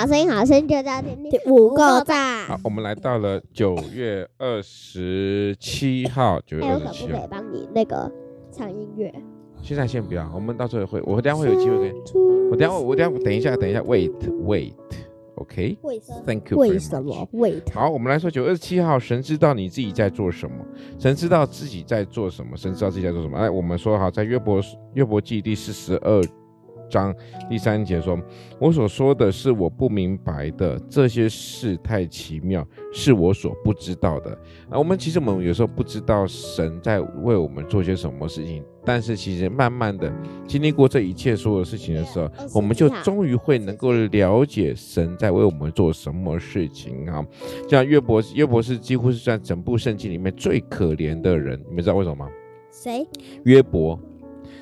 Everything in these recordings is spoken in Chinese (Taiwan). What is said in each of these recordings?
好聲音好，好聲音，就是要 Ting Ting，五個讚。好，我們來到了九月二十七號。九月二十七號。哎、我可不可以幫你那個唱音樂？現在先不要，我們到時候會，我等下會有機會給你。我等下，我等下，等一下，等一下，wait，wait，OK。Wait、okay？Thank you。為什麼？Wait。好，我們來說九月二十七號。神知道你自己在做什麼，神知道自己在做什麼，神知道自己在做什麼。哎，我們說好，在約伯約伯記第四十二。章第三節說：“我所說的是我不明白的，這些事太奇妙，是我所不知道的。”那我們其實我們有時候不知道神在為我們做些什麼事情，但是其實慢慢的經歷過這一切所有事情的時候，我們就終於會能夠了解神在為我們做什麼事情啊。像約伯，約伯是幾乎是在整部聖經裡面最可憐的人，你們知道為什麼嗎？誰？約伯。”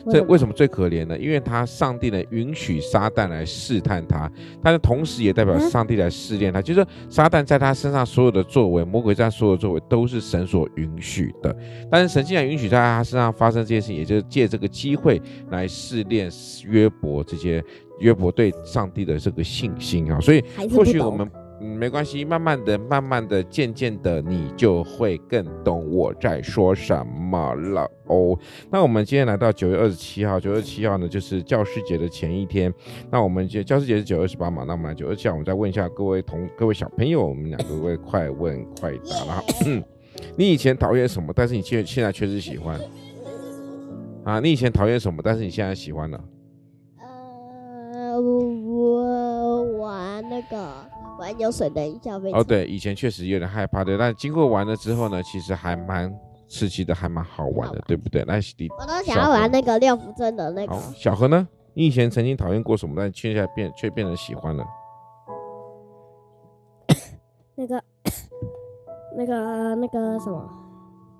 為這為什麼最可憐呢？因為他上帝呢，允許撒旦來試探他，但是同時也代表上帝來試煉他。嗯、就是說撒旦在他身上所有的作為，魔鬼在所有的作為都是神所允許的，但是神既然允許在他身上發生這些事情，也就是借這個機會來試煉約伯這些約伯對上帝的這個信心啊、哦，所以或許我們。嗯，沒關係，慢慢的，慢慢的，漸漸的，你就會更懂我在說什麼了哦。那我們今天來到九月二十七號，九月二十七號呢，就是教師節的前一天。那我們教教師節是九月二十八嘛？那我們來九月二十七號，我們再問一下各位同各位小朋友，我們兩個會快問快答啦、yeah. 你以前討厭什麼？但是你現現在確實喜歡啊？你以前討厭什麼？但是你現在喜歡了？呃、uh，我玩那個。玩有水的消防飛機哦，對，以前確實有點害怕的，但經過玩了之後呢，其實還蠻刺激的，還蠻好玩的，對不對？那我都想要玩那個六福村的那個。小何呢？你以前曾經討厭過什麼，但卻現在變卻變得喜歡了？那個，那個，那個什麼？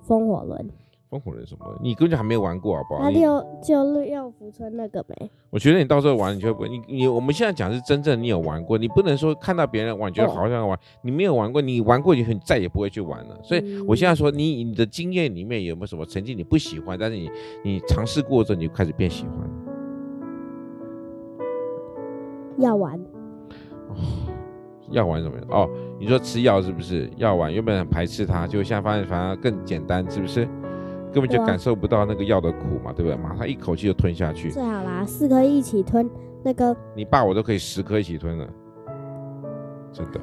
風火輪。風火輪什麼的？你估計還沒有玩過好不好？那就就日耀浮村那個唄。我覺得你到時候玩，你就不你你我們現在講是真正你有玩過，你不能說看到別人玩你覺得好像玩，哦，你沒有玩過，你玩過以後再也不會去玩了。所以我現在說，你你的經驗裡面有沒有什麼曾經你不喜歡，但是你你嘗試過之後你就開始變喜歡了？藥丸，藥、哦、丸什麼樣？哦，你說吃藥是不是？藥丸原本很排斥它，就現在發現反而更簡單，是不是？根本就感受不到那個藥的苦嘛，對不對？馬上一口氣就吞下去。最好啦，四顆一起吞，那個。你爸我都可以十顆一起吞了，真的。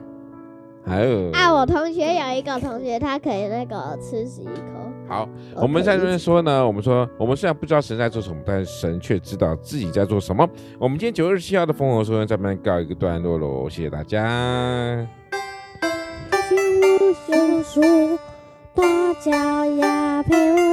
還有啊，我同學有一個同學，他可以那個吃十一顆。好，我們在這邊說呢，我們說，我們雖然不知道神在做什麼，但是神卻知道自己在做什麼。我們今天九月二十七號的《豐禾碩恩》在這邊告一個段落嘍，謝謝大家。大